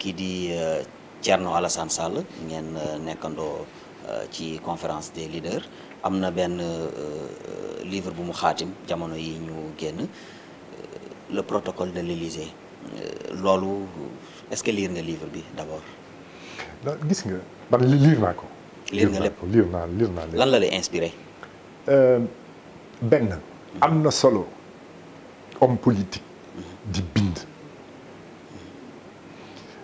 qui di euh, Thierno Alassane Sall ngeen euh, nekkandoo euh, ci conférence des leaders am na benn livre bu mu xaatim jamono yi ñu génn le protocole de l'Élysée loolu est-ce que lire le livre bi d'abord. gis nga man lire naa lire nga lépp lire naa lire naa lépp lan la lay inspiré. benn am na solo homme politique mm-hmm. di bind.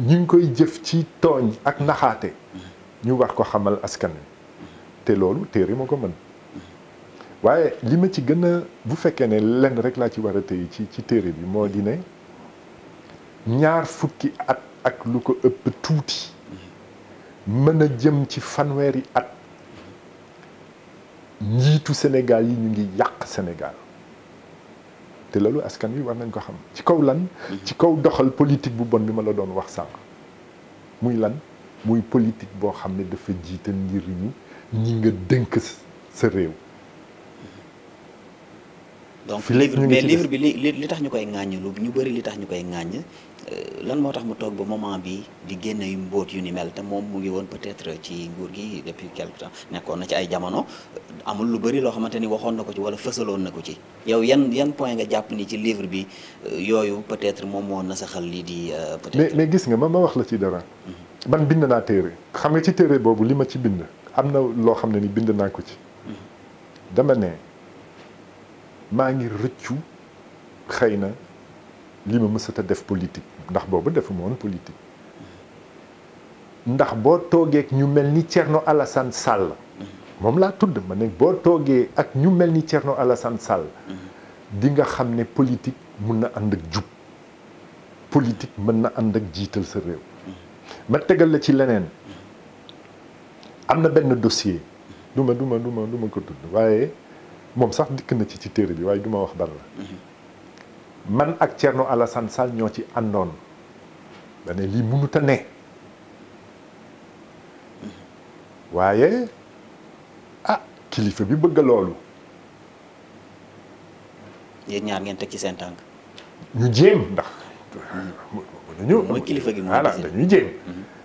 ñu ngi koy jëf ci tooñ ak naxaate ñu war ko xamal askan wi te loolu téere moo ko mën waaye li ma ci gën bu fekkee ne lenn rek laa ci war a tey ci ci téere bi moo di ne ñaar fukki at ak lu ko ëpp tuuti mën a jëm ci fanweeri at njiitu senegal yi ñu ngi yàq Sénégal te loolu askan wi war nañ ko xam ci kaw lan mhm. ci kaw doxal politique bu bon bi ma la doon wax sànq muy lan muy politique boo xam ne dafa jiital njëriñu ñi nga dënk sa réew donc livre mais livre bi li li tax ñu koy ŋàññ lu ñu bëri li tax ñu koy ŋàññ euh, lan moo tax mu toog ba moment bi di génn yu yu ni mel te moom mu ngi woon peut-être ci nguur gi depuis quelque temps nekkoon na ci ay jamono amul lu bari loo xamante ni waxoon na ko ci wala fësaloon na ko ci yow yan yan point nga jàpp ni ci livre bi euh, yooyu peut moom moo nasaxal lii di euh, peut-être mais mais gis nga ma ma wax la ci dara mm-hmm. man bind naa téere xam nga ci téere boobu li ma ci bind am na loo xam ne ni bind naa ko ci mm-hmm. dama ne maa ngir rëccu xëy na li ma mësata def politique ndax boobu defu woon politique mm-hmm. ndax boo toogeek ñu mel ni Thierno Alassane Sall moom laa tudd ma ne boo toogee ak ñu mel ni Thierno Alassane Sall di nga xam ne politik mun na ànd ak jub politique mën na ànd ak jiital sa réew ma tegal la ci leneen am na benn dossier du ma du ma ko tudd waaye moom sax dikk na ci ci téere bi waaye du ma wax dara man ak Thierno Alassane Sall ñoo ci àndoon dane lii mënut a ne waaye kilifa bi bëgg loolu. yéen ñaar ngeen teg ci seen tànk. ñu jéem ndax. mënuñu mooy kilifa gi voilà dañuy jéem.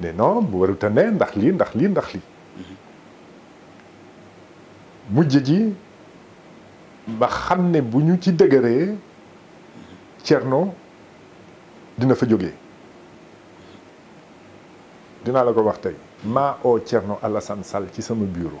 ne mhm. non bu warut a ne ndax lii ndax lii ndax lii. Mhm. mujj ji ba xam ne bu ñu ci dëgëree Cerno dina fa jógee mhm. dinaa la ko wax tey maa oo Cerno Alassane sal ci sama bureau.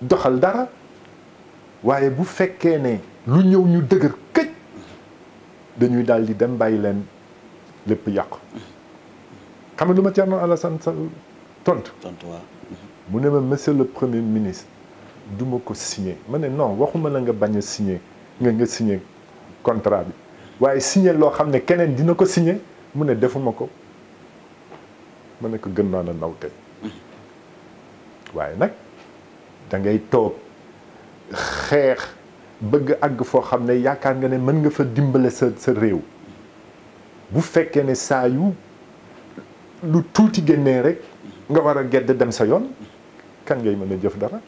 doxal dara waaye bu fekkee ne lu ñëw ñu dëgër këj dañuy daal di dem bàyyi leen lépp yàqu xam nga lu ma Thierno Alassane Sall tontu mu ne ma monsieur le premier ministre du ma ko signé ma ne non waxuma la nga bañ a signé nga nga signé contrat bi waaye signé loo xam ne keneen dina ko signé mu ne defuma ko ma ne ko gën naa la naw waaye nag da ngay toog xeex bëgg àgg foo xam ne yaakaar nga ne mën nga fa dimbale sa sa réew bu fekkee ne saayu yu lu tuuti génnee rek nga war a gedd dem sa yoon kan ngay mën a jëf dara